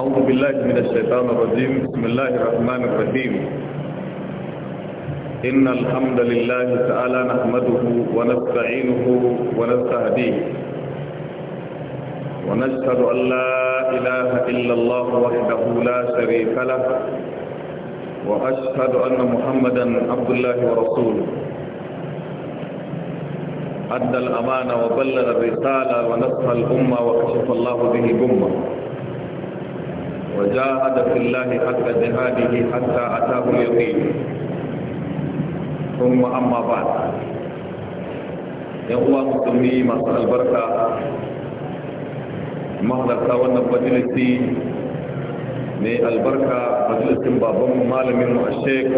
أعوذ بالله من الشيطان الرجيم بسم الله الرحمن الرحيم إن الحمد لله تعالى نحمده ونستعينه ونستهديه ونشهد أن لا إله إلا الله وحده لا شريك له وأشهد أن محمدا عبد الله ورسوله أدى الأمانة وبلغ الرسالة ونصح الأمة وكشف الله به الأمة وجاهد في الله حق جهاده حتى أتاه اليقين ثم أما بعد yan uwa musulmi masu albarka mahalarta wannan majalisi ne albarka majalisin baban malamin mu a sheik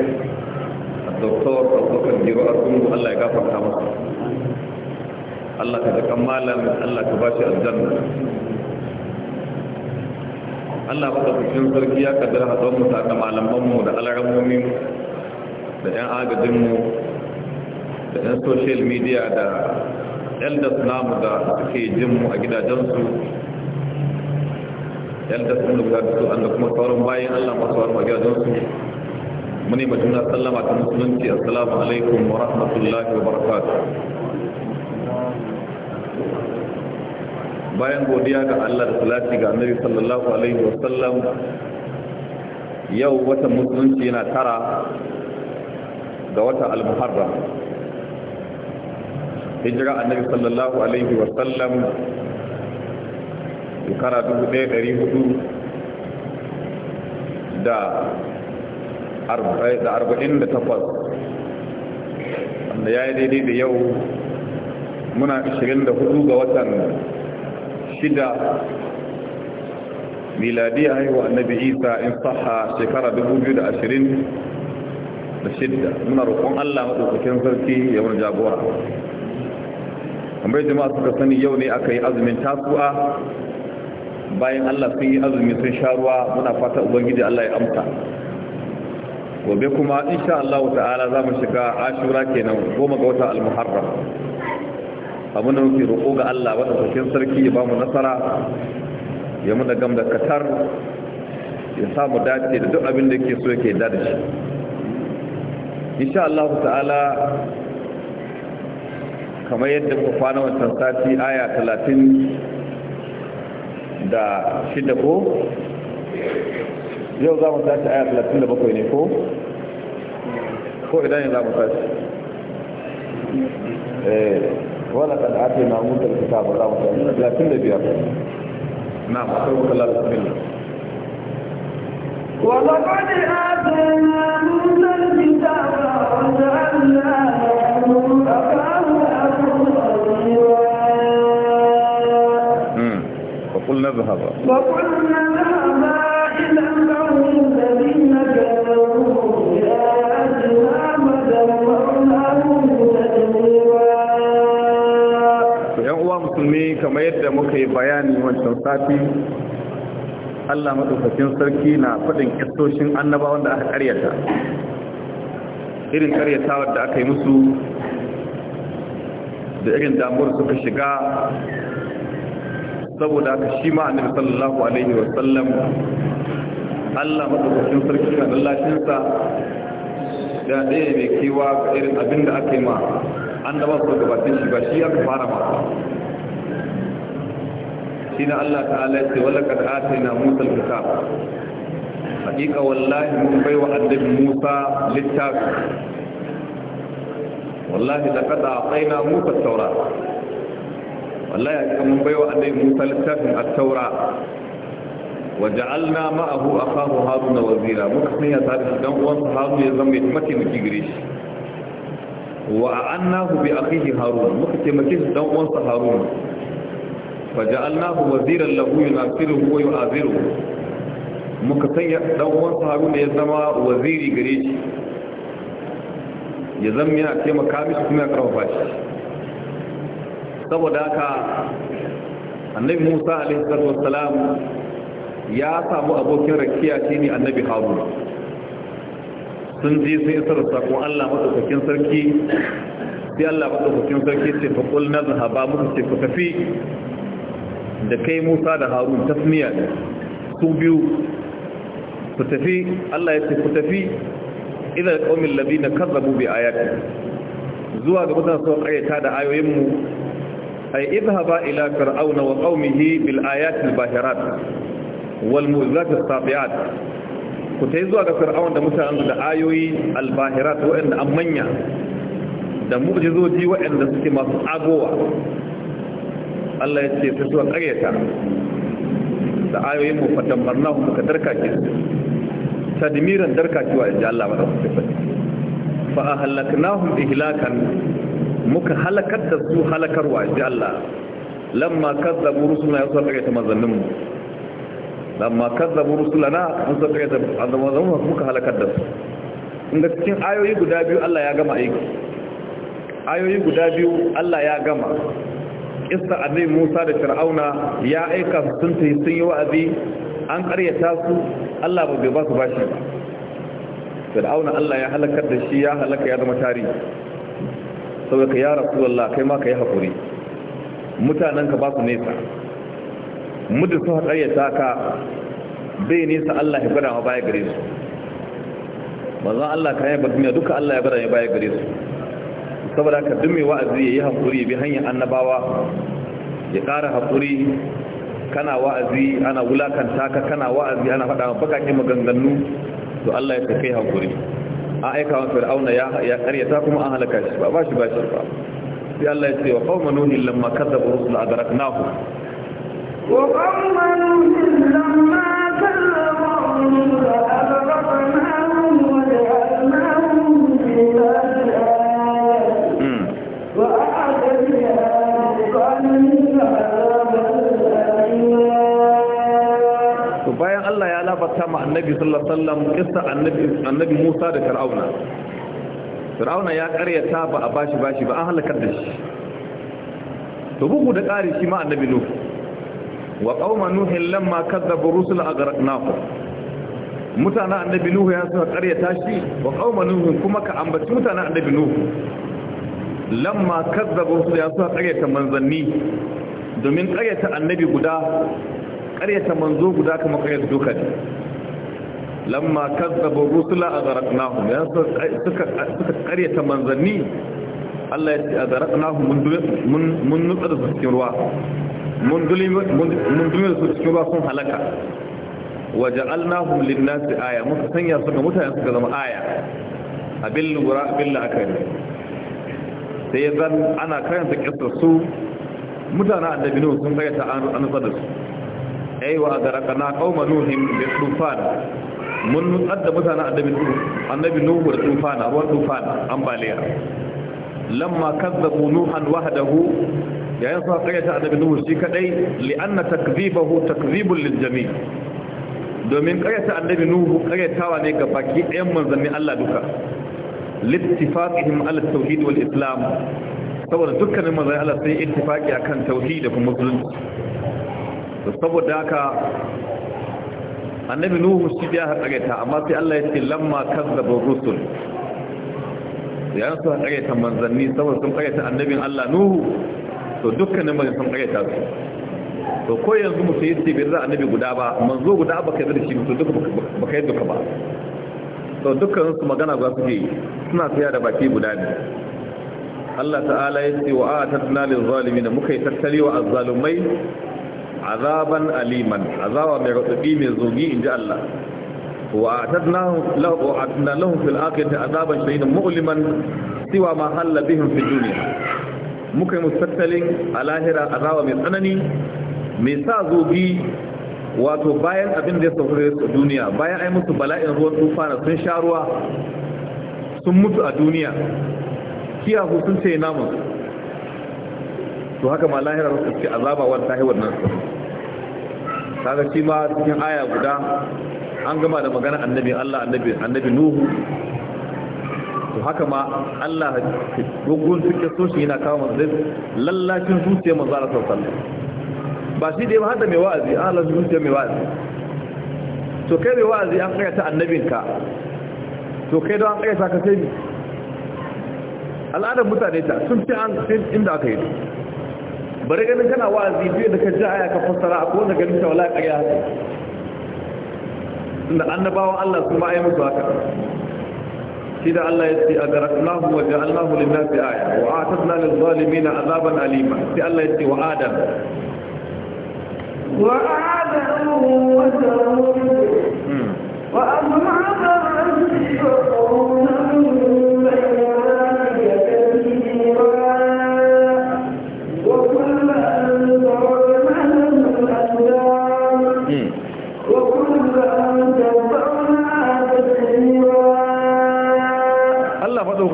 a doktor abubakar giro a sungu allah ya gafarta masa allah ka kan malam allah ka bashi aljanna Allah madaukakin sarki ya kaddara hatsuwar mu da malamanmu mu da alarammomin da yan agajin mu da yan social media da elders namu da suke jin mu a gidajensu elders mu da su an da kuma sauran bayan Allah masu wani a gidajensu mu ne sallama ta musulunci assalamu alaikum wa rahmatullahi wa barakatuh bayan godiya ga Allah da salati ga Annabi sallallahu alaihi wasallam yau wata musulunci yana tara ga wata al-Muharram hijira Annabi sallallahu alaihi wasallam shekara 1400 da arba'in takwas. wanda ya yi daidai da yau muna 24 ga watan shida miladiya haihuwa annabi isa in saha shekara dubu biyu da da shida muna roƙon allah maɗaukakin sarki ya wani jagora kamar jama'a suka sani yau ne aka yi azumin tasuwa. bayan allah sun yi azumi sun sha ruwa muna fata ubangiji allah ya amsa gobe kuma insha Allahu ta'ala za mu shiga ashura kenan goma ga wata al abin da muke roƙo ga Allah sarkin sarki ya bamu nasara ya muna gam da katar ya samu dace da duk abin da ke so yake da shi insha Allah ta'ala kamar yadda ku fana wancan sati aya talatin da shida ko yau za mu tashi aya talatin da bakwai ne ko ko idan ya za mu tashi eh. wala kan ake na mutu da ta ba za mu da biyar na da Allah madaukakin sarki na faɗin kistoshin Annaba wanda aka ƙaryata. irin ƙaryata wadda aka yi musu da irin damuwar suka shiga saboda aka shi ma annabi sallallahu alaihi wa sallam Allah madaukakin sarki na lallacinsa da ɗaya mai kewa ga irin abin da aka yi ma annaba su gabatin shi ba shi aka fara ba shi na Allah ta'ala ya ce wala kad na Musa al-kitab hakika wallahi mun bai wa annabi Musa littafi wallahi laqad atayna Musa taura wallahi hakika mun bai wa annabi Musa littafin a taura وجعلنا معه أخاه هارون وزيرا مكسنية تاريخ دنقوان هارون يزمي مكي مكي قريش وأعناه بأخيه هارون مكتمكيه دنقوان haruna. faja'alnahu waziran lahu yunasiruhu wa yu'aziruhu muka sanya dan uwan Haruna ya zama waziri gare shi ya zama yana taimaka mishi kuma ya karfafa shi saboda haka annabi Musa alaihi salatu wassalam ya samu abokin rakiya shine annabi Haruna sun je sai isar sakon Allah madaukakin sarki sai Allah madaukakin sarki ce fa qul nazhaba muka ce ku tafi da kai musa da harun tasmiya su biyu ku tafi allah ya ce ku tafi idan ƙaumin labi na kazzabu bi ayati zuwa ga mutane sun ayyata da ayoyinmu ay idhaba ila fir'auna wa qaumihi bil ayati bahirat wal mu'jizat as sabiat ku tayi zuwa ga fir'auna da mutanen da ayoyi al bahirat wa'anda an da mu'jizoji wa'anda suke masu agowa Allah ya ce ta zuwa ƙaryata da ayoyin mu fatammarna hu muka darkake su tadmiran wa inji Allah ba su fadi. fa ahlaknahum ihlakan muka halakar da su halakarwa inji Allah lamma kazzabu rusulana zuwa ƙaryata mazannin mu lamma kazzabu rusulana suka karyata manzannin mu muka halakar da su inda cikin ayoyi guda biyu Allah ya gama aiki ayoyi guda biyu Allah ya gama kissa annabi Musa da Fir'auna ya aika sun tafi sun yi wa'azi an ƙaryata su Allah ba bai ba su bashi Fir'auna Allah ya halakar da shi ya halaka ya zama tari saboda ya Rasulullah kai ma kai hakuri mutanen ka ba su nesa muddin sun ƙaryata ka bai nesa Allah ya gwada ma baya gare su manzon Allah ka yi ba duka Allah ya gwada ma baya gare su saboda ka duk mai wa'azi ya yi haƙuri bi hanyar annabawa ya ƙara haƙuri kana wa'azi ana wulakanta ka kana wa'azi ana faɗa bakaƙe maganganu to Allah ya kai haƙuri a aika wa fir'auna ya ƙaryata kuma an halaka shi ba ba shi ba shi ba sai Allah ya ce wa qauma nuhin lamma kadzabu rusul adraknahu wa qauma nuhin lamma kadzabu rusul annabi sallallahu alaihi wasallam annabi Musa da Fir'auna Fir'auna ya karyata ba a bashi bashi ba an halakar da shi to bugu da ƙari shi ma annabi Nuh wa qauma nuhin lamma kadzabu rusula aghraqnahum mutanen annabi nuhu ya suka karyata shi wa qauma nuhin kuma ka ambaci mutanen annabi Nuh lamma kadzabu rusula ya suka karyata manzanni domin karyata annabi guda karyata manzo guda kamar karyata dokar. lamma kazzabu rusula agharqnahum ya suka suka karyata manzanni Allah ya ce agharqnahum mun mun mun nutsa da cikin ruwa mun dulmi mun dulmi su cikin ruwa sun halaka waja'alnahum lin-nasi aya muka sanya su ga mutane suka zama aya abin lura abin la'akari sai zan ana karanta kissa su mutane annabi nuhu sun karyata an nutsar da su aiwa a garaka na kauma nuhin da tufan mun nutsar da mutanen annabi nuhu annabi nuhu da tufana ruwan tufana ambaliya lamma kazzabu nuhan wahdahu yayin sa kayyata annabi nuhu shi kadai li'anna takdhibahu takdhibun liljami domin kayyata annabi nuhu kayyatawa ne ga baki ɗayan manzanni Allah duka littifaqihim ala tauhid wal islam saboda dukkanin manzanni Allah sun yi ittifaqi akan tauhid da kuma musulunci saboda haka annabi nuhu shi biya ta amma sai Allah ya ce lamma kazzabu rusul yayin su ta manzanni saboda sun ta annabin Allah nuhu to dukkanin mai sun ta su to ko yanzu mutum yi ce bai za annabi guda ba manzo guda ba kai yi shi mutum duka ba kai duka ba to dukkan su magana za su yi suna tsaya da baki guda ne Allah ta'ala ya ce wa a tattala lil zalimin muka yi tattali wa azzalumai azaban aliman azaba mai raɗaɗi mai zogi in ji Allah wa atadna lahum fil akhirati azaban shadidan mu'liman siwa ma halla bihim fi dunya muka yi mustattalin a lahira azaba mai tsanani mai sa zogi wato bayan abin da ya sauka su duniya bayan ai musu bala'in ruwan tufana sun sha ruwa sun mutu a duniya kiyahu sun ce namun to haka ma lahira su ce azaba wata haiwar nan kaga shi ma cikin aya guda an gama da magana annabi Allah annabi annabi Nuhu to haka ma Allah dogon suke so shi yana kawo manzon lallacin zuciya manzo Allah sallallahu alaihi wasallam ba shi dai ba hada mai wa'azi Allah zuciya mai wa'azi to kai mai wa'azi an kai ta annabinka to kai don an kai ta ka sai al'adar mutane ta sun fi an inda aka yi bari ganin kana wa'azi biyu da ka ji aya ka fassara a kowane ganin ta wala ƙarya haka inda annabawan Allah su ma ayi musu haka shi da Allah ya ce a garaknahu wa ja'alnahu lin-nasi aya wa a'tadna lil-zalimina azaban alima sai Allah ya ce wa adam wa adam wa samud wa amhara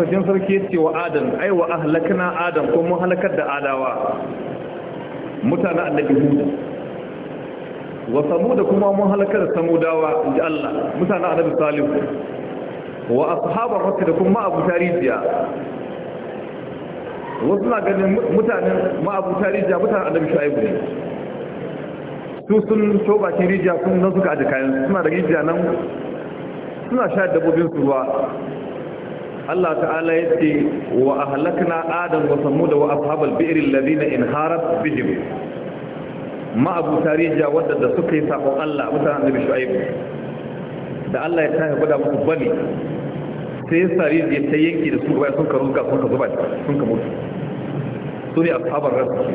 madaukakin sarki ya ce wa adam ai wa ahlakna adam ko mun halakar da adawa mutanen annabi hudu wa samuda kuma mun halakar da samudawa inji Allah mutanen annabi salihu wa ashabar rasul kuma abu tarijiya wasu na ganin mutanen ma'abu tarijiya mutanen annabi shu'aibu ne su sun to bakin rijiya sun nan suka aji kayan suna da rijiya nan suna shayar dabobin su ruwa Allah ta'ala ya ce wa ahlakna adam wa samud wa ashabal bi'r alladhina inharat bihim ma abu tariya wadda da suka yi sabon Allah mutanen Annabi Shu'aib da Allah ya tafi guda muku bane sai ya ta yanki da su ba sun karu ka sun ka zuba sun ka mutu su ne ashabar rasul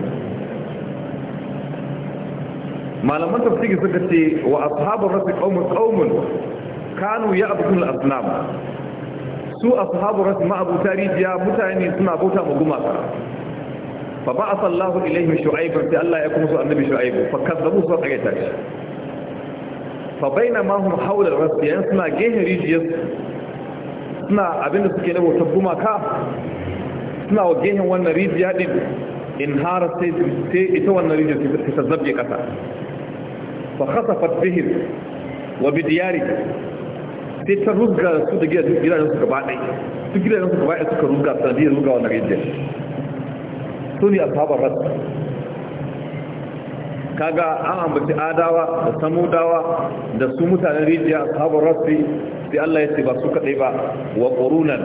malaman tafsiri suka ce wa ashabar rasul qaumun qaumun kanu ya'budun al-asnam su a sahabu rasu ma'abuta rijiya mutane suna bauta ma gumaka fa ba'atha Allahu ilayhim Shu'aibu sai Allah ya kuma su annabi shu'aibu fa kazzabu su kare ta shi fa ma hum hawla rasu ras yan suna gehen rijiyar suna abinda suke na bautar gumaka suna wa gehen wannan rijiya din in har sai ita wannan rijiyar ta zabbe kasa fa khasafat bihi wa bi sai ta ruga su da gidajen su gaba ɗai su gidajen su gaba ɗai suka ruga sanadiyar ruga wa rijiyar su ne sabon rasu kaga an ambaci adawa da samudawa da su mutanen rijiya a sabon rasu sai Allah ya ce ba su kaɗai ba wa ƙorunan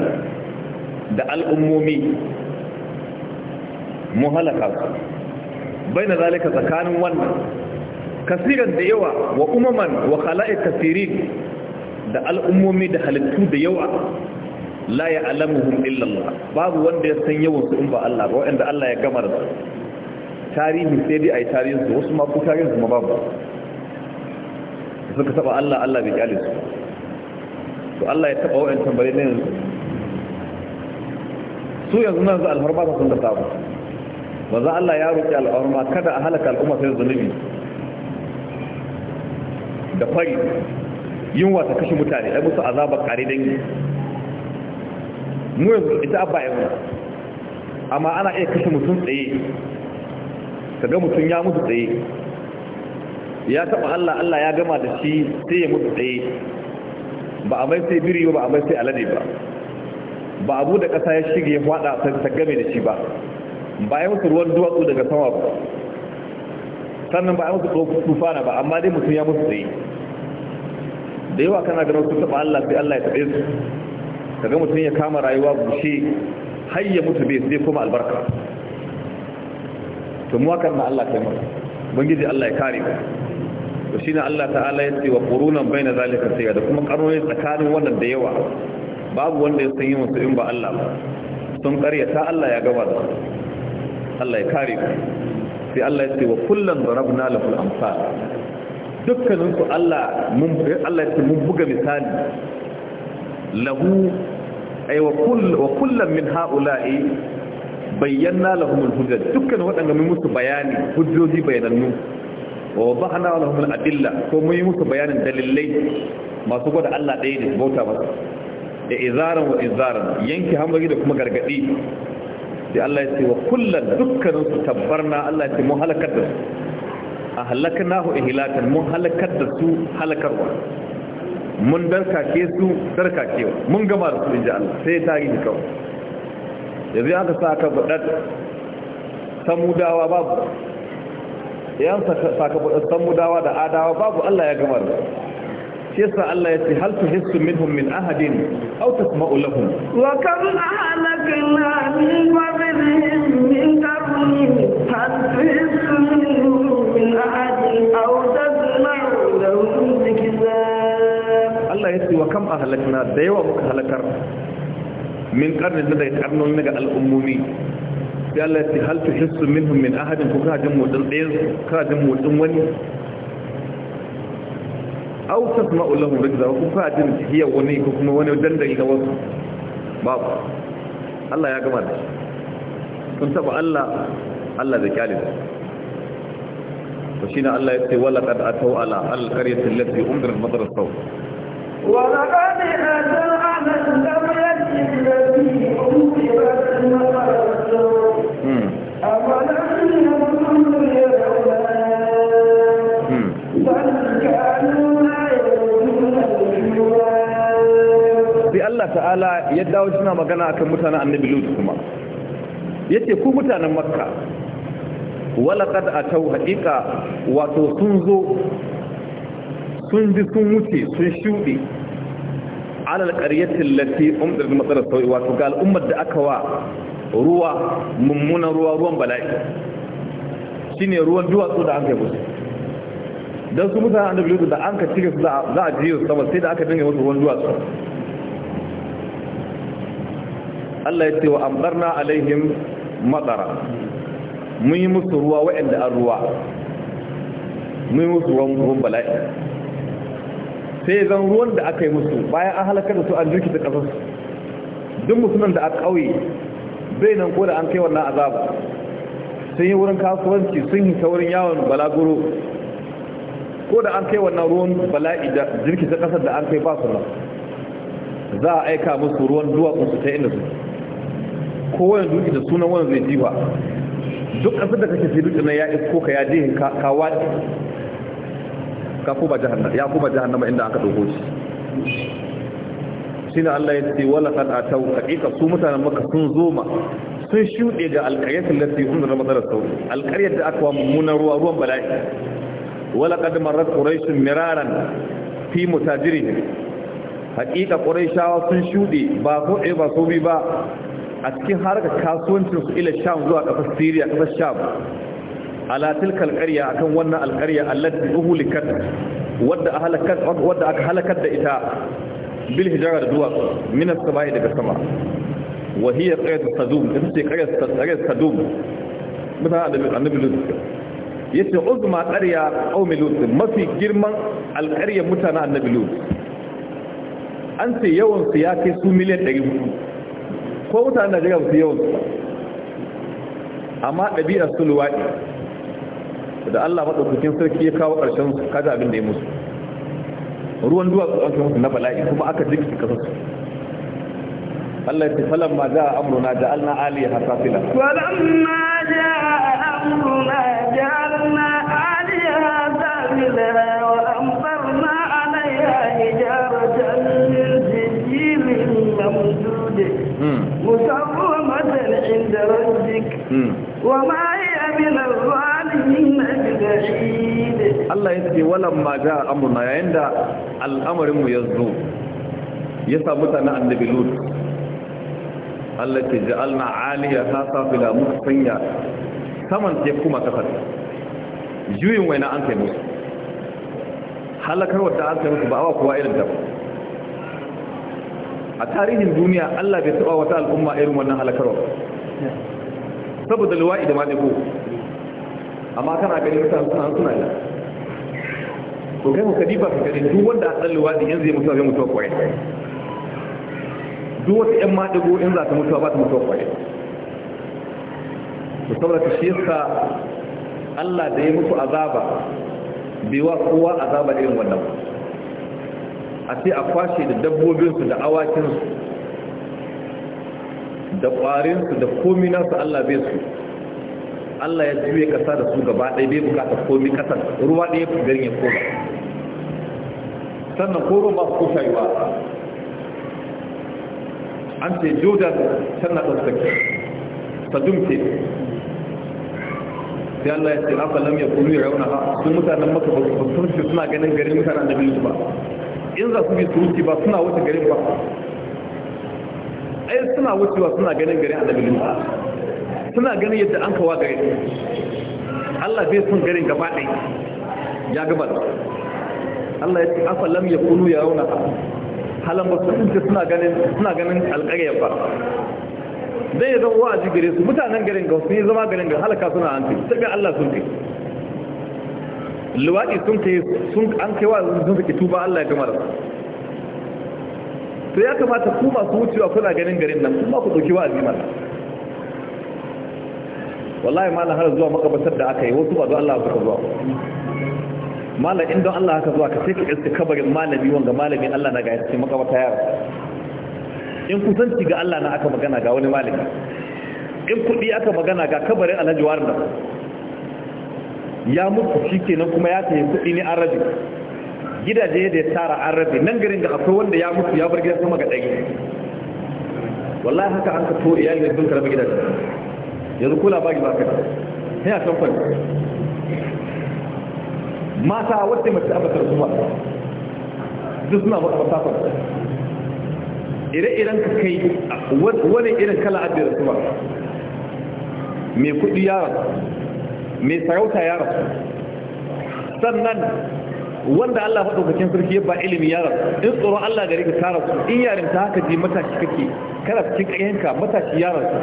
da al'ummomi mu halaka su bai na zalika tsakanin wannan kasiran da yawa wa umaman wa khala'i kasirin da al'ummomi da halittu da yawa la ya alamuhum illallah babu wanda ya san yawan su in ba Allah ba wanda Allah ya gama da tarihi sai dai ai tarihin su wasu ma ko tarihin su ma babu suka saba Allah Allah bai kyale su to Allah ya taba wa'an tambare ne su yanzu nan za alharba ta sun da sabu maza Allah ya ruki al'umma kada a halaka al'umma sai zunubi da fari yunwa ta kashe mutane ai musu azaba kare dangi mu yanzu ita abba yanzu amma ana iya kashe mutum tsaye kaga mutum ya mutu tsaye ya taba Allah Allah ya gama da shi sai ya mutu tsaye ba a mai sai biri ba a mai sai alade ba ba abu da kasa ya shige ya fada ta game da shi ba ba ya mutu ruwan duwatsu daga sama ba sannan ba ya mutu tsofin tufana ba amma dai mutum ya mutu tsaye da yawa kana ganin su taba Allah sai Allah ya tabe su kaga mutum ya kama rayuwa bushe har ya mutu bai sai kuma albarka to mu hakan na Allah kai maka ubangiji Allah ya kare ka to shine Allah ta'ala ya ce wa qurunan baina zalika sai da kuma karnoni tsakanin wannan da yawa babu wanda ya san yin wasu in ba Allah ba sun karyata Allah ya gaba da Allah ya kare ka sai Allah ya ce wa kullun darabna lahul amsal dukkaninsu Allah Allah ya mun buga misali lahu ay wa kull wa kullam min haula'i bayyana lahum al-hujja dukkan waɗanda mun musu bayani hujjoji bayanannu wa wabahna lahum al-adilla ko mun yi musu bayanin dalilai masu gwada Allah ɗaya ne bauta ba. da izaran wa izaran yanki hamari da kuma gargadi da Allah ya ce wa kullan dukkaninsu tabbarna Allah ya ce mun halakar da su a halakar nahu ihilakan mun halakar da su halakarwa mun darkake su darkakewa mun gama da su inji Allah sai tarihi kawai yanzu aka sa aka buɗar samudawa babu yan saka buɗar samudawa da adawa babu Allah ya gama da shi yasa Allah ya ce hal tuhissu minhum min ahadin aw tasma'u lahum wa kam ahlakna min qablihim min qarnin hal tuhissu أو تسمع لهم ركزا الله يسي وكم أهلكنا ديوة min من قرن الذي قرن من al'ummomi, sai Allah ce hal tu hissu minhum min ahadin ko kajin motsin ɗayan kajin motsin wani aw tasma'u lahum rijza ko kajin hiya wani ko kuma wani dandali ga wasu babu Allah ya gama da sun taba Allah Allah da kyalin فشين الله يبتي ولقد أتوا على القرية التي أمدر المطر الصوت ولقد أتوا على القرية التي أمدر المطر الصوت أولم يكونوا يرون بل كانوا sai Allah ta'ala ya dawo suna magana akan mutanen annabi Lut kuma yace ku mutanen Makka walaƙad a tau haƙiƙa wato sun zo sun bi sun wuce sun shuɗe alal ƙaryatin lati umar matsalar sauyi wato ga al'ummar da aka wa ruwa mummunan ruwa ruwan bala'i shine ruwan duwatsu da an kai musu don su mutane annabi lutu da an ka cire su za a jiyo sama sai da aka dinga wasu ruwan duwatsu Allah ya ce wa ambarna alaihim matsara mun yi musu ruwa waɗanda an ruwa mun yi musu ruwan ruwan bala'i sai zan ruwan da aka yi musu bayan an halakar da su an jirki ta ƙasarsu duk musulman da aka ƙauye bai nan ko da an kai wannan azabu sun yi wurin kasuwanci sun yi ta wurin yawon balaguro ko da an kai wannan ruwan bala'i da jirki ta ƙasar da an kai ba su za a aika musu ruwan duwatsu su ta inda su ko wani duki da sunan wani zai jiwa duk abin da kake fi dutse na ya isko ka ya je ka waɗi ka kuma jahannama ya kuma jahannama inda aka ɗauko shi shi ne Allah ya ce wala kan a tau su mutanen maka sun zoma sun shuɗe ga alqaryatin lati sun zama matsalar sau alƙaryar da aka wa ruwa ruwan bala'i wala qad marrat quraish miraran fi mutajirihim haqiqa quraishawa sun shuɗe ba ko ba so bi ba a cikin harkar kasuwancin su ila sham zuwa kafar syria kafar sham ala tilkal alqarya akan wannan alqarya allati uhulikat wadda ahalakat wadda aka halakat da ita bil hijara da duwatsu min as-sama'i daga sama wa hiya qaryat sadum ita ce qaryat sadum mutane da annabi lut yace uzma qarya qaumi lut mafi girman alqarya mutanen annabi lut an ce yawan su ya kai su miliyan 400 ko na najeriya su yawon amma ɗabi'ar su luwaɗi da allah maɗaukakin sarki ya kawo ƙarshen kaza abin da ya musu ruwan duwatsu an kai musu na bala'i kuma aka jiki kasa su Allah ya ce falan ma ja'a amruna ja'alna aliya hasafila falan ma ja'a amruna ja'alna aliya hasafila wa مسممة عند ربك وما هي من الظالمين ببعيد الله يسكي ولما جاء أمرنا عند الأمر يزدو يسا متنا النبي لوط التي جعلنا عاليها سافلة مخفية saman sai kuma kasar juyin waina an kai musu halakar wadda an kai musu ba awa kowa irin dafa a tarihin duniya Allah bai taba wata al'umma irin wannan halakarwa saboda luwa'i da maɗigo amma kana ganin mutane suna suna yi ko kai ka diba ka gani duk wanda a tsan luwaɗi yanzu ya mutuwa zai mutuwa kwaye duk wata ‘yan maɗigo in za ta mutuwa ba ta mutuwa kwaye to saboda ka shi Allah da ya mutu azaba bai wa kowa azaba irin wannan a sai a kwashe da dabbobinsu da awakinsu da ƙwarinsu da kominansu Allah bai su Allah ya juye ƙasa da su gaba ɗaya bai bukata komi ƙasar ruwa ɗaya garin ya koma sannan ko ba masu kusa yi ba an ce jordan tana ɗaukaki ta ce sai Allah ya ce afalam ya kuru ya rauna ha sun mutanen maka ba su suna ganin garin mutanen da ba in za su bi su wuce ba suna wuce garin ba ai suna wucewa suna ganin garin annabi ba suna ganin yadda an kawa garin Allah bai sun garin gaba ɗaya ya gaba Allah ya ce afa lam rauna yarawna halan ba su tunce suna ganin suna ganin alƙarya ba dai zama wa'azi gare su mutanen garin ga su yi zama garin ga halaka suna an ce sai Allah sun kai luwaɗi sun kai sun an kai wa sun saki tuba Allah ya gama da to ya kamata ku masu wucewa kuna ganin garin nan kuma ku ɗauki wa azimar wallahi malam har zuwa makabatar da aka yi wasu ba don Allah suka zuwa malam in don Allah haka zuwa ka sai iska kabarin malami wanga malamin Allah na ga yace makabata yara in kusanci ga Allah na aka magana ga wani malami in kudi aka magana ga kabarin alhaji warin ya mutu shi kenan kuma ya sayi kuɗi ne an gidaje da ya tara an nan garin da akwai wanda ya mutu ya bar gidan sama ga ɗaya wallahi haka an ka to yi ne sun karɓi gidaje yanzu ko labari ba ka sai a kamfan mata wacce mace abatar ba. duk suna masafar ire-iren ka kai wani irin kala adiyar zuwa mai kudi yaron mai sarauta ya rasu sannan wanda Allah maɗaukakin sarki ba ilimi ya rasu in tsoron Allah gare ka ka rasu in yarin ta haka je matashi kake kana cikin ƙayyanka matashi ya rasu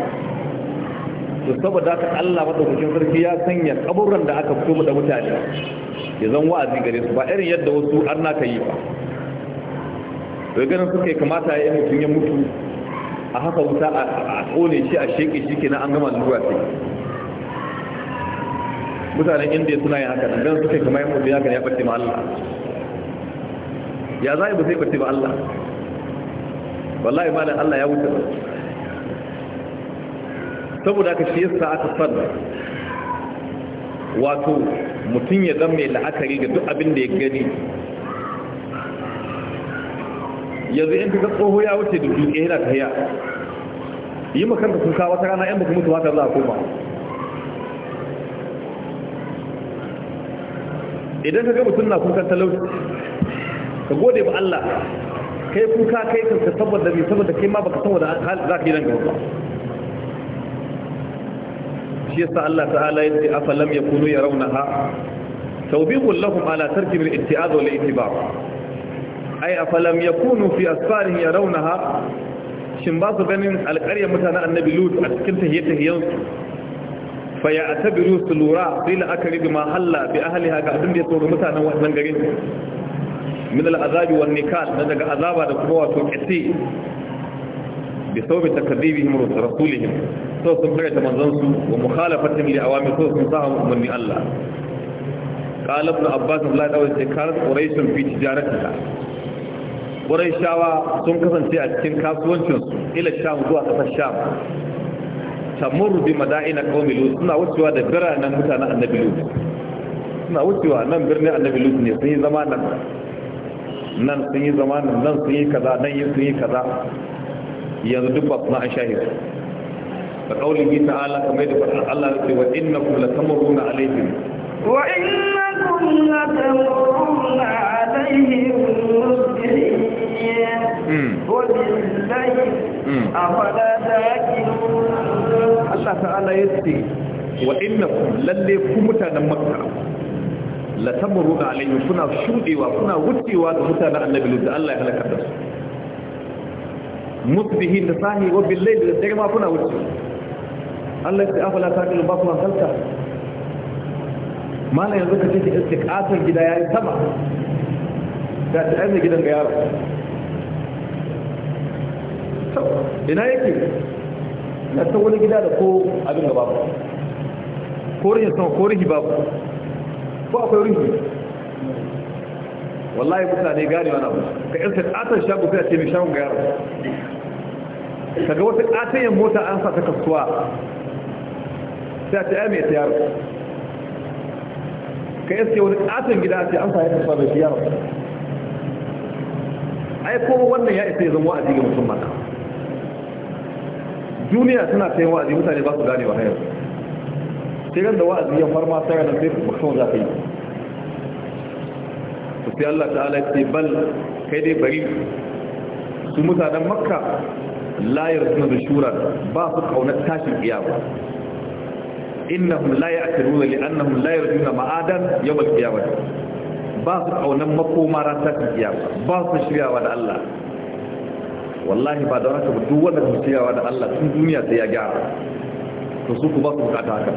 to saboda haka Allah maɗaukakin sarki ya sanya kaburran da aka fito da mutane ya zan wa'azi gare su ba irin yadda wasu arna na ka yi ba to ganin suka yi kamata ya mutum ya mutu a haka wuta a kone shi a sheke shi kenan an gama lura sai mutanen indiya suna yin haka don suke kuma yin mutu haka ya ɓace ma Allah ya za yi ba sai ɓace ma Allah wallahi ma da Allah ya wuce ba saboda aka shi yasa aka san wato mutum ya zama mai la'akari ga duk abin da ya gani yanzu in ka tsoho ya wuce da duke yana ta yi makanta sun kawo ta rana yan baka mutu haka za a koma idan ka ga mutum na kukan talauci ka gode ba Allah kai kuka kai ka da mai saboda kai ma baka saboda za ka yi nan gaba shi yasa Allah ta'ala ya ce afalam yakunu yarawnaha tawbihun lahum ala tarki bil itti'ad wal ittiba ay afalam yakunu fi asfarihim yarawnaha shin ba su ganin alƙaryar mutanen annabi lut a cikin tahiyyatahiyansu Faya a atabiru su lura sai la'akari bi ma halla bi ahli haka abin da ya tsoro mutanen wannan garin min al'azabi wan nikal na daga azaba da kuma wato kitse bi saubi takdibihim wa rasulihim so sun fara ta manzon su wa mukhalafatin li awami so sun sa umarni Allah qala ibn abbas Allah da wace karat quraish fi tijaratiha quraishawa sun kasance a cikin kasuwancin su ila sham zuwa kasar sham tamurru bi mada'ina qaumi lut suna wucewa da biranen mutanen annabi lut suna wucewa nan birnin annabi lut ne sun yi zama nan nan sun yi zama nan nan sun yi kaza nan sun yi kaza yanzu duk ba kuma an shahidu da kaulin ta'ala kamar da faɗin Allah ya ce wa innakum latamurruna alaihim wa innakum latamurruna alaihim musbihin hmm. wa billahi hmm. afala ta'qilun Allah ta'ala ya ce wa innakum lalle ku mutanen makka la tamuru alayhi kuna shudewa kuna wucewa da mutanen annabi da Allah ya halaka da su musbihin da sahi wa bil da dare ma kuna wuce. Allah ya afala ta kallu ba ku halta mallan yanzu ka take istiqatar gida yayi sama da ta aina gidan ga yaro ina yake ka san wani gida da ko abin da babu ko rihin sama ko rihi babu ko akwai rihi wallahi mutane gane wani abu ka yanta ƙatar shago kai a ce mai shagon ga yaro kaga wata ƙatayen mota an sa ta kasuwa sai a ce ai mai ta yaro ka yaske wani ƙatan gida ce an sa ya kasuwa mai ta yaro ai kuma wannan ya isa ya zama wa'azi ga mutum maka. duniya suna ta wa'azi mutane ba su gane wa hayar sai gan da wa'azi ya farma sai ranar sai kuma kawai za ka yi su fi Allah ta'ala ce bal kai dai bari su mutanen makka layar suna da shura ba su kaunar tashin kiyama innahum la ya'tiruna li annahum la yarjuna ma'adan yawm al-qiyamah ba su kaunar makoma ran tashin kiyama ba su shiryawa da Allah wallahi ba da haka ba duk wanda kuciyawa da Allah tun duniya sai ya gyara to su ku ba su bukata haka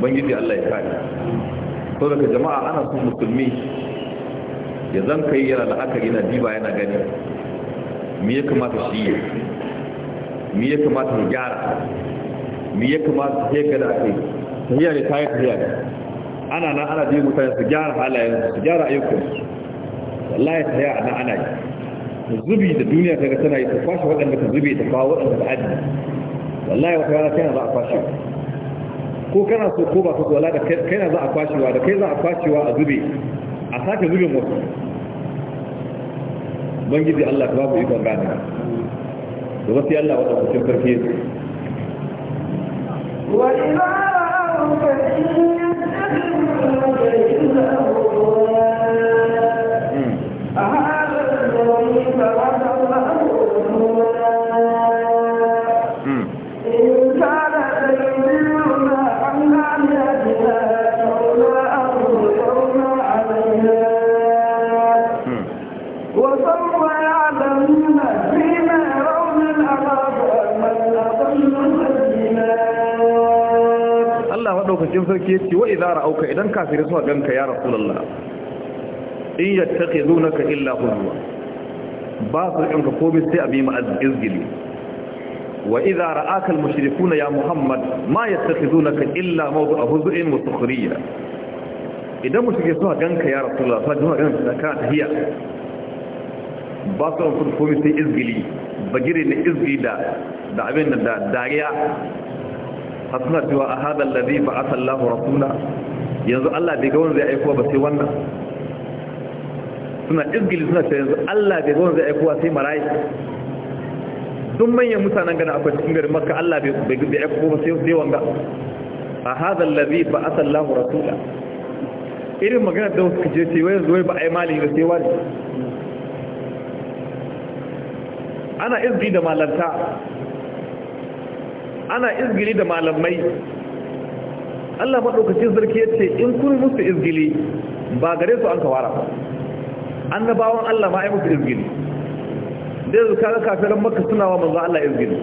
ubangiji Allah ya kare to daga jama'a ana son musulmi ya zan kai yana la'akari yana diba yana gani me ya kamata shi yi me ya kamata ya gyara me ya kamata ya gada da kai tafiya ne ta yi tafiya ne ana nan ana je mutane su gyara halayen su gyara ayyukan wallahi tafiya a nan ana yi ta zubi da duniya ta ga tana yi ta kwashe waɗanda ta zube ta kawo waɗanda ta adi wallahi wata rana kaina na za a kwashe ko kana so ko ba ka so da kai na za a kwashewa da kai za a kwashewa a zube a sake zubin wasu bangiji Allah ta babu ikon gane da wasu Allah wadda kucin karfi ya وإذا madaukakin sarki ya ce wa idza ra'auka idan kafirai suka ganka ya rasulullah in yattakhizunaka illa huzwa ba su kanka komai sai abi ma azgili wa idza ra'aka almushrikuna ya muhammad ma yattakhizunaka illa mawdu'a huzwin wa sukhriya idan mushrike suka ganka ya rasulullah fa duka ganka ka tahiya ba su kanka komai sai izgili bagire ne izgili da da abin da dariya hasuna cewa a hadal ladhi ba'atha sallahu rasula yanzu Allah bai ga zai aikowa ba sai wannan suna izgili suna cewa yanzu Allah bai ga zai aikowa sai marayi sun manyan mutanen gana akwai cikin garin maka Allah bai ga aikowa ba sai wanga a hadal ladhi ba'atha sallahu rasula irin magana da wasu kaje ce wai yanzu ba ai mali ba sai wani ana izgi da malanta ana izgili da malamai Allah maɗaukacin sarki ya ce in kun musu izgili ba gare su an kawara ba annabawan Allah ma yi musu izgili da yanzu kaga kafiran maka suna wa manzo Allah izgili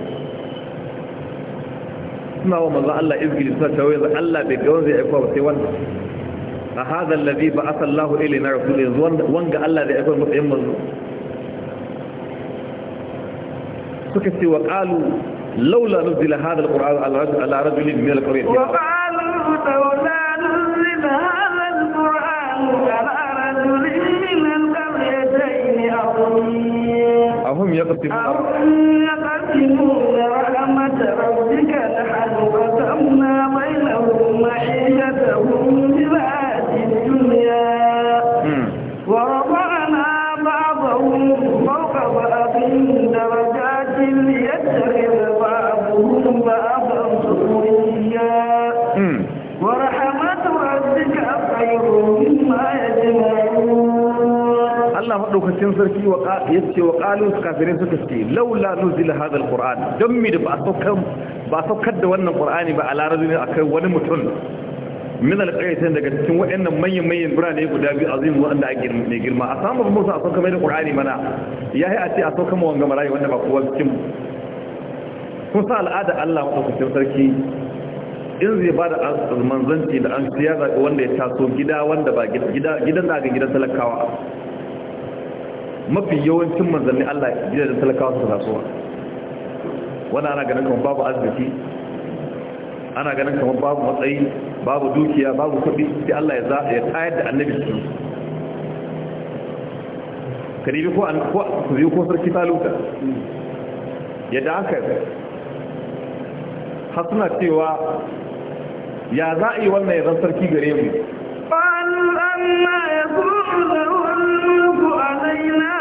suna wa manzo Allah izgili suna cewa yanzu Allah bai ga wanda ya aika sai wanda a ba a sallahu Allahu na rasu yanzu wanga Allah da ya aika masa manzo suka ce wa ƙalu لولا نزل هذا القرآن على رجل من القرية وقالوا لولا نزل هذا القرآن على رجل من القريتين عظيم أهم يقسمون رحمة ربك نحن madaukakin sarki ya ce wa ƙalin kafirin suka ce laula nuzil hada alquran don mi da ba a saukar da wannan qur'ani ba a larabin a kai wani mutum min alƙaryatan daga cikin waɗannan manyan manyan birane guda biyu azim wanda a ne girma a samun musu a sauka mai da ƙur'ani mana ya yi a ce a sauka ma wanga marayi wanda ba kowa cikin kun sa al'ada allah madaukakin sarki in zai ba da manzanci da an siya zaɓi wanda ya taso gida wanda ba gidan da ga gidan talakawa mafi yawancin manzanni Allah gida da talakawa su tasowa wanda ana ganin kamar babu arziki ana ganin kamar babu matsayi babu dukiya babu kuɗi sai Allah ya ya tayar da annabi su karibi ko an ko biyu ko sarki taluka yadda aka har suna cewa ya za a yi wannan ya zan sarki gare mu ba'an Allah ya kuma da wannan ku alaina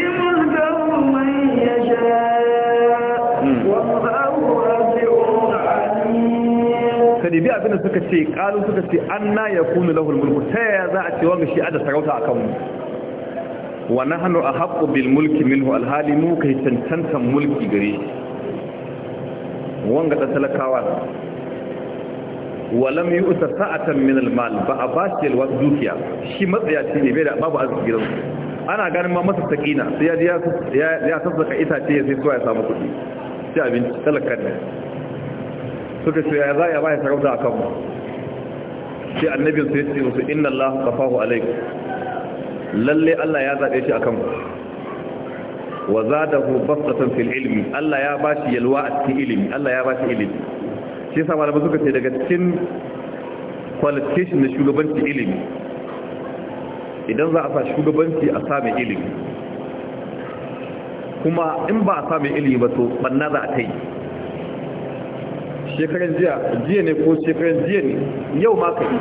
bi abin da suka ce ƙalu suka ce an na ya kunu lahul mulku ta ya za a ce wanga shi ada sarauta akan mu wa nahnu ahaqqu bil mulki minhu al hali mu kai tantantan mulki gare shi wanga da talakawa wa lam yu'ta sa'atan min al mal ba a bashi al dukiya shi matsayaci ne bai da babu arziki gidan ana ganin ma masa sakina sai ya ya ya ita ce sai so ya samu kuɗi sai abinci talakar ne suka ce ya za a baya sarauta a kanmu sai annabin su ya ce musu inna Allah kafahu alaik lalle Allah ya zaɓe shi a kanmu wa zadahu basatan fil ilmi Allah ya bashi yalwa a cikin ilimi Allah ya shi ilimi shi yasa malamai suka ce daga cikin qualification na shugabanci ilimi idan za a sa shugabanci a sami ilimi kuma in ba a sami ilimi ba to banna za a ta yi shekaran jiya jiya ne ko shekaran jiya ne yau ma yi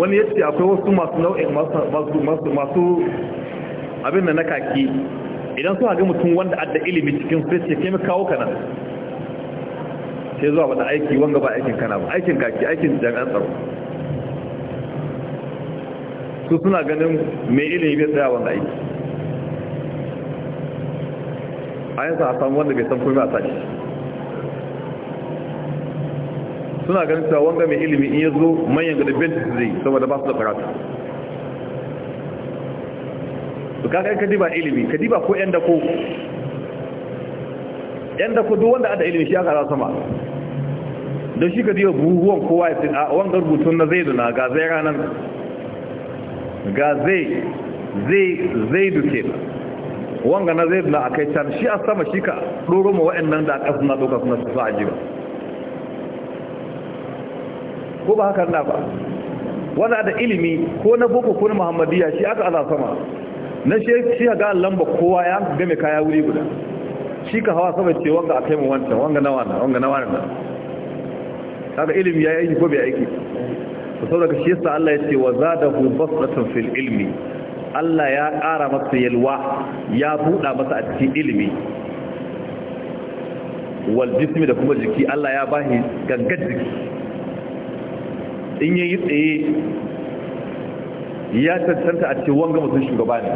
wani yace akwai wasu masu nau'in masu masu abin da na kaki idan suka ga mutum wanda adda ilimi cikin sai ce kai kawo kana sai zuwa wani aiki wanga ba aikin kana ba aikin kaki aikin jami'an tsaro su suna ganin mai ilimi bai tsaya wanda aiki a yanzu a samu wanda bai san kuma a sashi suna ganin cewa wanga mai ilimi in ya zo manyan ga dabbin zai saboda ba su da karatu su kaka yan kadiba ilimi kadiba ko yan dako yan dako duk wanda ada ilimi shi aka rasa ma don shi kadiba buhuwan kowa ya tsina a wanga rubutun na zaidu na ga zai ranar ga zai zai zai duke wanga na zaidu na a kai can shi a sama shi ka ɗoro ma waɗannan da aka suna ɗauka suna su sa ko ba haka na ba wanda da ilimi ko na boko ko na muhammadiyya shi aka ala sama na shi ga lamba kowa ya ga mai kaya wuri guda shi ka hawa saboda ce wanga akai mu wancan wanga nawa na wanga nawa na kaga ilimi ya yi ko bai aiki to saboda shi yasa Allah ya ce wa zadahu basatan fil ilmi Allah ya ƙara masa yalwa ya buɗa masa a cikin ilimi wal jismi da kuma jiki Allah ya bahi gangan jiki in yi tsaye ya tattanta a cikin wanga mutum shugaba ne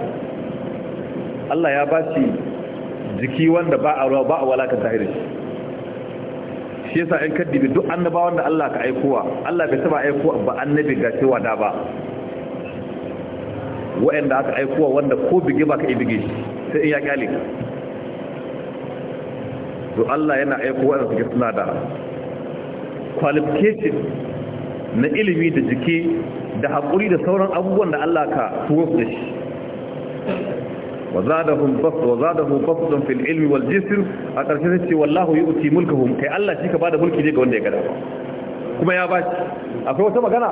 Allah ya ba shi jiki wanda ba a ba a walakar zahiri shi yasa in kaddibi duk annaba wanda Allah ka aikowa Allah bai taba aikowa ba annabi ga cewa da ba wa'anda aka aikowa wanda ko bige ba ka bige shi sai in ya kyale ka to Allah yana aikowa wa'anda suke suna da qualification na ilimi da jiki da haƙuri da sauran abubuwan da Allah ka turo da shi wa zadahum bast wa zadahu bastun fil ilmi wal jism a ƙarshe sai ce wallahu yu'ti mulkahum kai Allah shi ka bada mulki ne ga wanda ya gada kuma ya bashi akwai wata magana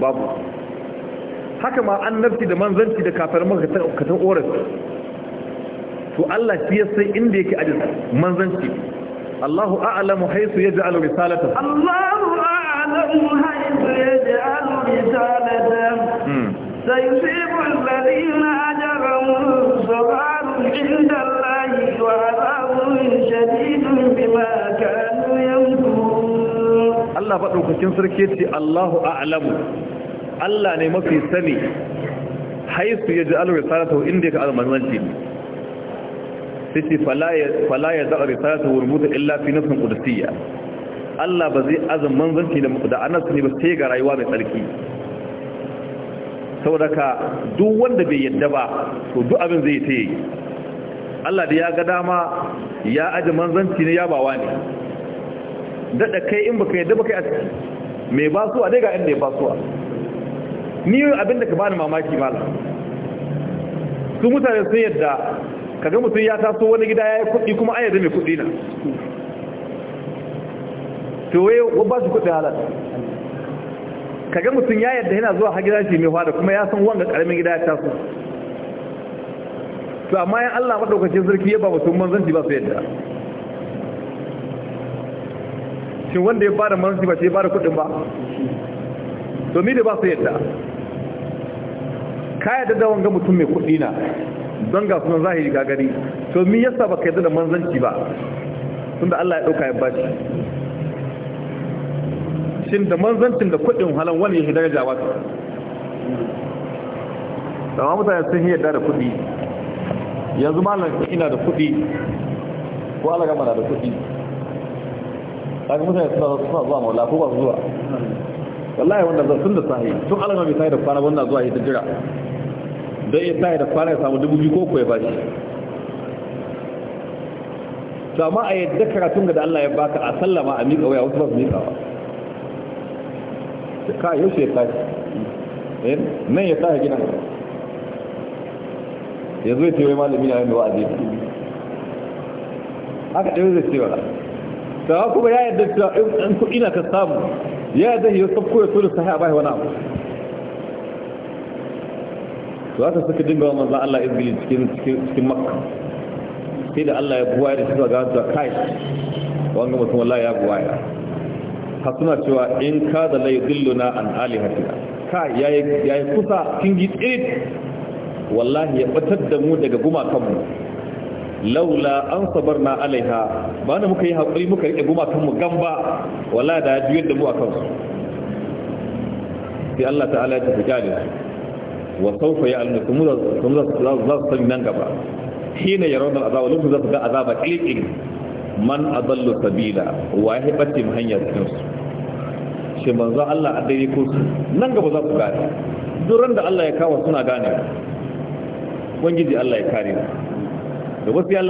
babu haka ma an annabci da manzanci da kafar maka ka ta oras to Allah shi ya sai inda yake ajin manzanci Allahu a'lamu haythu yaj'alu risalatahu Allahu عليهم حيث يجعل رسالتهم سيصيب الذين اجرموا صغار عند الله وعذاب الله فاتوك الله اعلم الله نيما في حيث يجعل رسالته إلا في نفس قدسية Allah ba zai azan manzanci da annabi ne ba sai ga rayuwa mai tsarki saboda ka duk wanda bai yadda ba to duk abin zai ta yi Allah da ya ga dama ya aji manzanci ne ya bawa ne dada kai in baka yadda baka yi a ciki mai basuwa dai ga inda ya basuwa ni abin da ka bani mamaki ba. su mutane sun yadda kaga mutum ya taso wani gida ya yi kuɗi kuma an yadda mai kuɗi na to waye ba su kudi halal kaga mutum ya yadda yana zuwa hajira shi mai hwada kuma ya san wanga karamin gida ya taso to amma yan Allah madaukakin sarki ya ba mutum manzanci ba su yadda shin wanda ya bada manzanci ba sai ya bada kuɗin ba to mi da ba su yadda ka yadda da wanga mutum mai kuɗi na don ga sunan zahiri gagari to mi yasa baka yadda da manzanci ba tunda Allah ya dauka ya bashi annabcin da manzancin da kudin halan wani ya daraja jawa da dama mutane sun yarda da kudi yanzu malam ina da kudi ko ala gama da kudi kaga mutane suna suna zuwa maula ko ba zuwa wallahi wanda zan sun da sahi tun alama mai sahi da kwana wanda zuwa yadda jira don ya sahi da kwana ya samu dubu biyu ko ko ya bashi sama a yadda karatun da Allah ya baka a sallama a miƙa waya wasu ba su miƙawa ka yaushe ya tashi eh, nan ya tashi gidan ya zo ya ce wai malami na yadda wa'azi haka ɗaya zai ce ba ta kuma ya yadda cewa in kuɗi ina ka samu ya yadda ya sabko ya so da sahi a bai wani abu to haka suka dinga wa manzan Allah izgili cikin makka sai da Allah ya buwaya da shi ga gawa kai wanga mutum wallahi ya buwaya hasuna cewa in ka da lai dilluna an alihatina ka ya yi kusa kin gi tsirit wallahi ya batar da mu daga gumakanmu laula an na alaiha ba na muka yi haƙuri muka riƙe gumakanmu gamba wallahi da juyar da mu akan su sai Allah ta'ala ya tafi jali wa sawfa ya'lamu kuma za su sani nan gaba hina yarawna azaba lokacin za su ga azaba ƙilƙin man adallu sabila wa ya hibatin hanyar cikin su ce manzo Allah a daidai ko su nan gaba za su gane duran da Allah ya kawo suna gane ubangiji Allah ya kare da wasu ya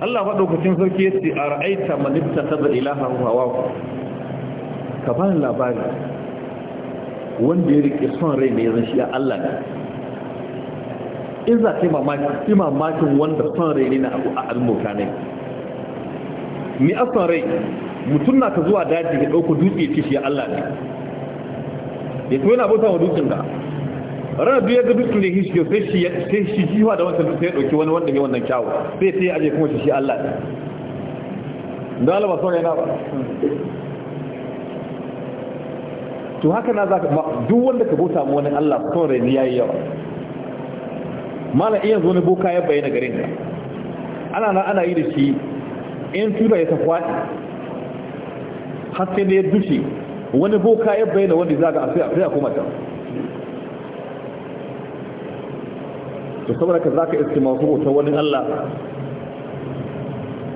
Allah madaukakin sarki أرأيت من اتبع إلهه Allah faɗaukacin sarki ya ce a ra'aita manifta ta da ilaha hawa ka ba labari wanda ya rike son rai ne zan shi a Allah ne in za ka yi mamakin wanda son rai ne na abu a almota ne ni a son rai mutum na ka zuwa daji da ɗauko dutse ce shi Allah ne ya to yana bauta wa dutsen da ranar biyar ya ga dutsen da ya shi sai shi sai shi jiwa da wancan dutse ya ɗauki wani wanda ya wannan kyawu sai sai ya aje kuma shi shi Allah ne da alaba son rai na ba to haka na zaka duk wanda ka bauta mu wani Allah kawai rai yayi yawa mala iya zo ne boka ya bayyana garin ka ana nan ana yi da shi in tura ya tafwa har sai ne ya dushi, wani boka ya bayyana wanda za ga asiri sai a koma ta to saboda ka zaka iske masu bautar wani Allah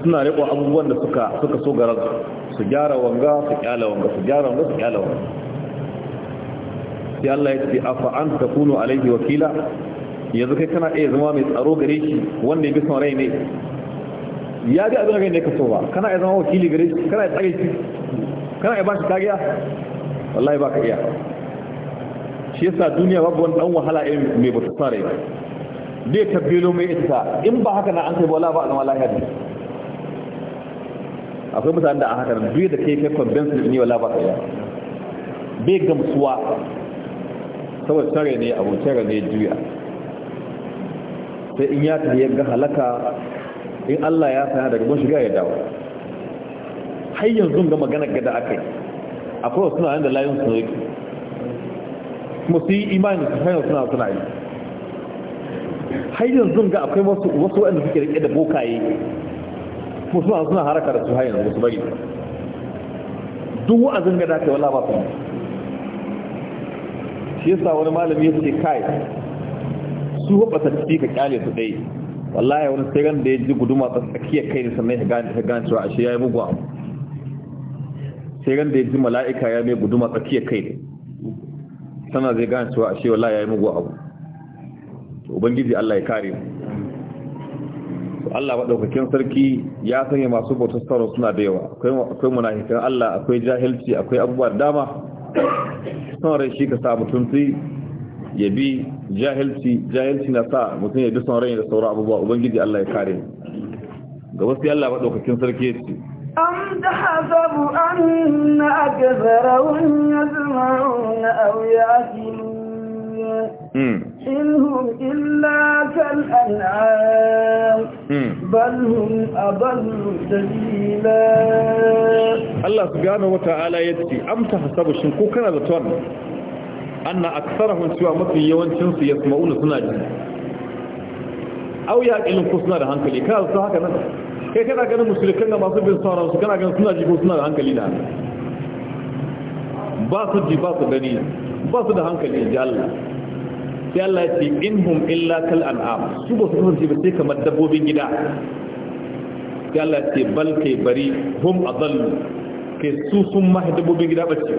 suna riƙo abubuwan da suka suka so garar su gyara wanga su kyala wanga su gyara wanga su kyala wanga sai Allah ya ce afa an takunu alaihi wakila yanzu kai kana iya zama mai tsaro gare shi wanda ya bi son rai ne ya ga abin rai ne ka so ba kana iya zama wakili gare shi kana iya tsare shi kana iya ba shi kariya wallahi ba ka iya shi yasa duniya babu wani dan wahala irin mai bata sa rai bai tabbelo mai ita in ba haka na an kai bola ba a zama lahiya ne akwai mutane da a haka duk da kai kai convince ne wala ba ka iya bai gamsuwa saboda tare ne abu tare ne juya sai in ya ta ga halaka in Allah ya sana daga mun shiga ya dawo har yanzu ga magana gada akai akwai suna nan da su yake kuma su yi imani su hanyar suna suna yi har yanzu ga akwai wasu wasu wanda suke rike da bokaye kuma suna suna haraka da su har yanzu su bari duk wa'azin gada kai wala ba su shi yasa wani malami ya ce kai su ta tafi ka kyale su dai wallahi wani sai ran da ya ji guduma ta tsakiya kai ne sannan ya gane ta gane cewa ashe yayi mugu abu sai ran da ya ji mala'ika ya mai guduma tsakiya kai ne sannan zai gane cewa ashe wallahi yayi mugu abu ubangiji Allah ya kare mu Allah maɗaukakin sarki ya sanya masu bautar sauran suna da yawa akwai munafikan Allah akwai jahilci akwai abubuwa dama son rai shi ka sa mutum sai ya bi jahilci jahilci na sa mutum ya bi son rai da sauran abubuwa ubangiji Allah ya kare ga wasu ba daukakin sarki An ya ce أم تحسب أن أكثرهم يسمعون ya يأكلون إن هم إلا كالأنعام بل هم أضل سبيلا الله سبحانه وتعالى يتي أم تحسب الشنكو كان ذاتوان أن أكثرهم سوى مثل يوان شنس يسمعون سناجين أو يأكلون فسنا لهانكلي كان ذاتوها كان kai kana ganin musulkan da masu bin sauran su kana ganin suna ji ko suna da hankali da ba su ji ba su gani sai Allah ya ce hum illa kal an'am su ba su kasance ba sai kamar dabbobin gida sai Allah ya ce bal kai bari hum adallu kai su sun ma dabbobin gida bace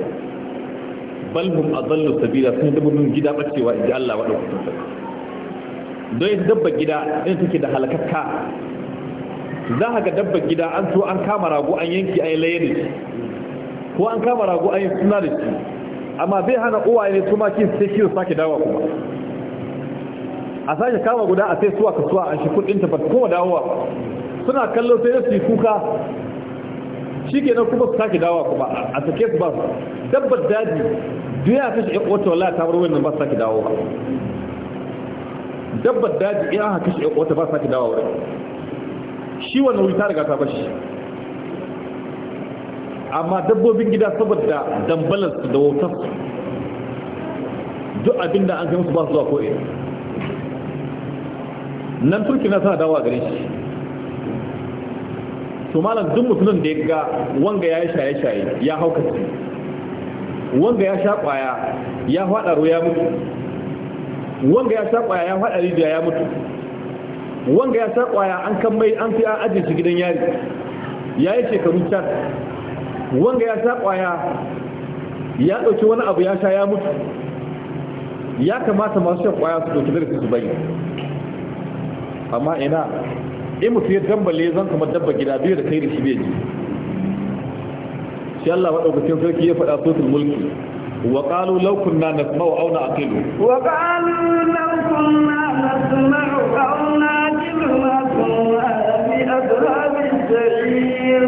bal hum adallu sabila sun dabbobin gida bacewa idan Allah wada ku tsaka don yin dabba gida in take da halakakka za ka ga dabba gida an so an kama rago an yanki a yi shi ko an kama rago an yi suna da shi amma bai hana uwaye ne su ma kin sai kiyo sake dawa kuma a sake kama guda a sai suwa kasuwa an shi kudin ta kuma dawowa suna kallo sai su kuka shi ke nan kuma su sake dawowa kuma a sake su ba su dabbar daji duniya ta shi wata wala ta bar wannan ba su sake dawowa dabbar daji in aka kashe wata ba su sake dawowa wurin shi wannan wuri ta riga ta bashi amma dabbobin gida saboda dambalarsu da wautarsu duk abinda an kai musu ba su zuwa ko'ina nan turki na sana dawa gare shi to malam duk mutumin da ya ga wanga ya yi shaye-shaye ya haukace wanga ya sha kwaya ya faɗa ruwa ya mutu wanga ya sha kwaya ya faɗa rijiya ya mutu wanga ya sha kwaya an kan mai an fi an ajiye shi gidan yari ya yi shekaru can wanga ya sha kwaya ya ɗauki wani abu ya sha ya mutu ya kamata masu shan kwaya su dauki darasi su bayi amma ina in mutum ya dambale zan kuma dabba gida biyu da kai da shi bai ji shi Allah madaukakin sarki ya faɗa sotul mulki wa qalu law kunna nasma'u aw na'qilu wa qalu law kunna nasma'u aw na'qilu ma kunna fi ashabi sa'ir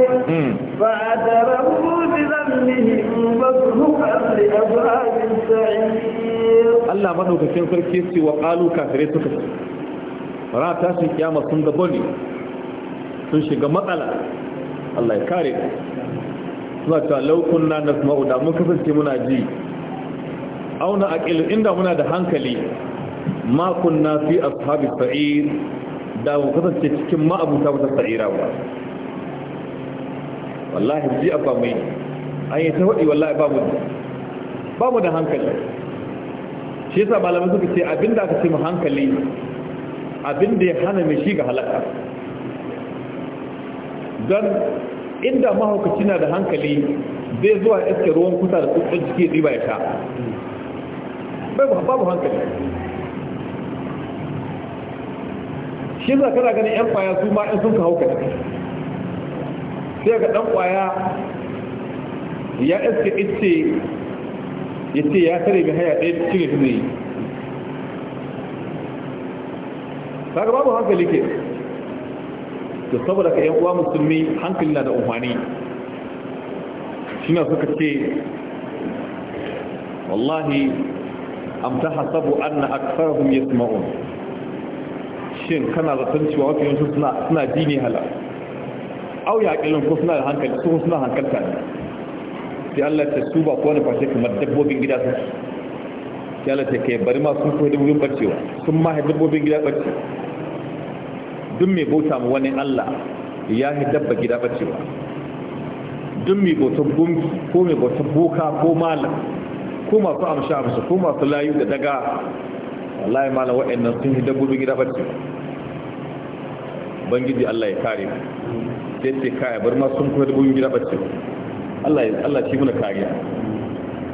fa adrabu bi dhanbihim wa dhuqa li ashabi sa'ir Allah madaukakin sarki ya ce wa qalu kafirai suka ce ra tashin kiyama sun da bane sun shiga matsala Allah ya kare suna ta laukun na na da mun kasance muna ji auna aqilu inda muna da hankali ma kunna fi ashabi sa'ir da mu kasance cikin ma ma'abuta wata sa'ira ba wallahi ji abba mai an yi ta waɗi wallahi ba mu ba mu da hankali shi yasa malamai suka ce abinda aka ce mu hankali abin da ya hana mai shi ga halaka don inda mahaukaci na da hankali zai zuwa iske ruwan kusa da tsuntsun ciki riba ya sha babu hankali shi za ka gani 'yan kwaya su ma in sun ka hauka sai ga ɗan kwaya ya iske ice ya ce ya tare mai haya ɗaya cire su ne. kaga babu hankali ke to saboda ka yan uwa musulmi hankali na da umfani shine suka ce wallahi am tahasabu anna aktharuhum yasma'un shin kana zaton cewa wasu yanzu suna suna ji hala au ya kilin ko suna da hankali ko suna hankalta ne sai Allah ya tuba ko ne fashe kamar dabbobin gida su yalla ta kai bari ma sun koyi dabbobin barcewa sun ma dabbobin gida barce duk mai bauta mu wani Allah ya yi dabba gida barcewa duk mai bauta gunki ko mai bauta boka ko malam ko masu amsha amsha ko masu layu da daga wallahi malam wa'annan sun yi dabbobin gida barcewa bangiji Allah ya kare mu sai ce kaya bari ma sun koyi dabbobin gida barcewa Allah ya Allah shi muna kariya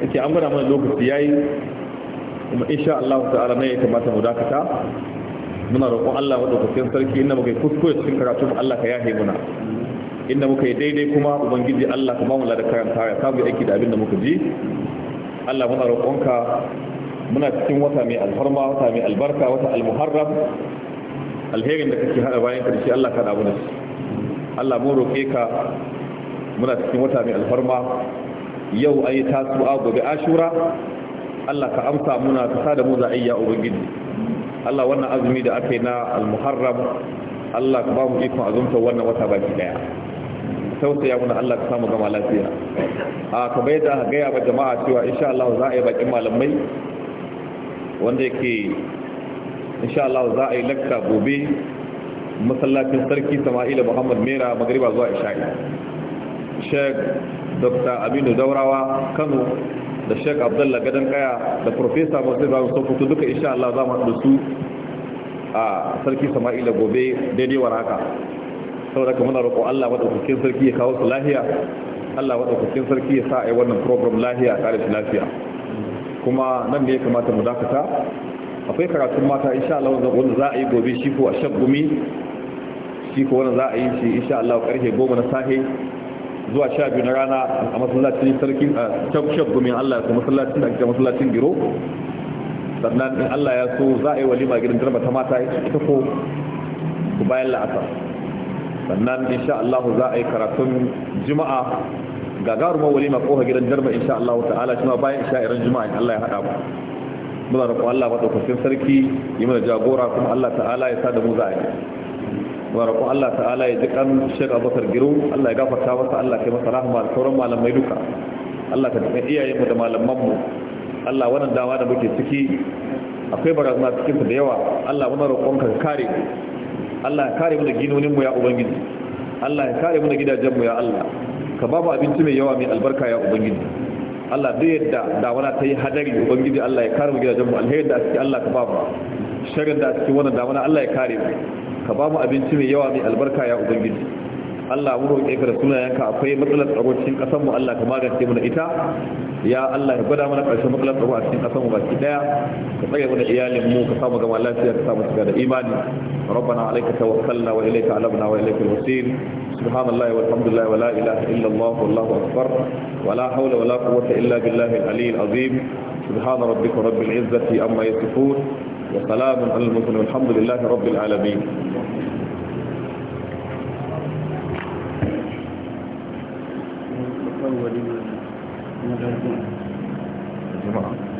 Yake an gwada mana lokaci yayi kuma insha Allah ta'ala ne ya kamata mu dakata muna roƙon Allah madaukakin sarki inda muka yi kuskure cikin karatu mu Allah ka yahe muna inda muka yi daidai kuma ubangiji Allah kuma mu da karanta ya sabu aiki da abin da muka ji Allah muna roƙonka muna cikin wata mai alfarma wata mai albarka wata almuharram alherin da kake hada bayan karshe Allah ka damu da shi Allah mu roƙe ka muna cikin wata mai alfarma yau ayi tasu'a gobe ashura Allah ka amsa muna ka sada da mu za a ya ubangiji Allah wannan azumi da aka yi na al-muharram Allah ka ba mu ikon azumta wannan wata baki daya tausaya muna Allah ka samu gama lafiya a ka bai da gaya ba jama'a cewa insha Allah za a yi bakin malamai wanda yake insha Allah za a yi lakka gobe masallacin sarki Sama'ila Muhammad Mera magriba zuwa isha'i Sheikh Dr. Aminu Daurawa Kano da Sheikh Abdullah gadon Kaya da Professor Musa sun Sokoto duka insha Allah za mu haɗu su a sarki Sama'ila gobe daidai waraka saboda kuma muna roƙo Allah madaukakin sarki ya kawo su lahiya Allah madaukakin sarki ya sa ai wannan program lafiya tare da lafiya kuma nan ne ya kamata mu dakata akwai karatun mata insha Allah wanda za a yi gobe shi ko a shan gumi shi ko wanda za a yi shi insha Allah karfe goma na safe zuwa sha biyu na rana a masallacin sarkin a shaf gumin Allah ya masallacin da ake masallacin giro sannan in Allah ya so za a yi walima gidan jarba ta mata ita ko ku bayan la'asa sannan in sha Allah za a yi karatun juma'a gagarumar walima koha gidan jarba sha Allah ta'ala shi ma bayan irin juma'a in Allah ya haɗa mu muna ku Allah madaukakin sarki yi mana jagora kuma Allah ta'ala ya sa da mu za a yi barakun Allah ta'ala ya ji jikan Sheikh Abubakar Giro Allah ya gafarta masa Allah kai masa rahama da sauran malamai duka Allah ka tsaya iyayen mu da malaman mu Allah wannan dama da muke ciki akwai barazana cikin da yawa Allah muna roƙon ka kare Allah ya kare mu da ginonin mu ya ubangiji Allah ya kare mu da gidajen ya Allah ka babu abinci mai yawa mai albarka ya ubangiji Allah duk yadda damana ta yi hadari ubangiji Allah ya kare mu gidajen mu alherin da ake Allah ka babu, shirin sharrin da ake wannan damana Allah ya kare mu ka ba mu abinci mai yawa mai albarka ya ubangiji Allah mu roƙe ka da sunayenka akwai matsalar tsaro cikin ƙasar mu Allah ka magance mana ita ya Allah ya gwada mana ƙarshen matsalar tsaro a cikin ƙasar mu baki daya ka tsare mana iyalin mu ka samu gama lafiya ka samu shiga da imani rabbana alayka tawakkalna wa ilayka alabna wa ilayka al-masir subhanallahi walhamdulillahi wa la ilaha illa Allah wallahu akbar wa la hawla wa la quwwata illa billahi al-ali al-azim subhana rabbika rabbil izzati amma yasifun وسلام على المسلمين والحمد لله رب العالمين you.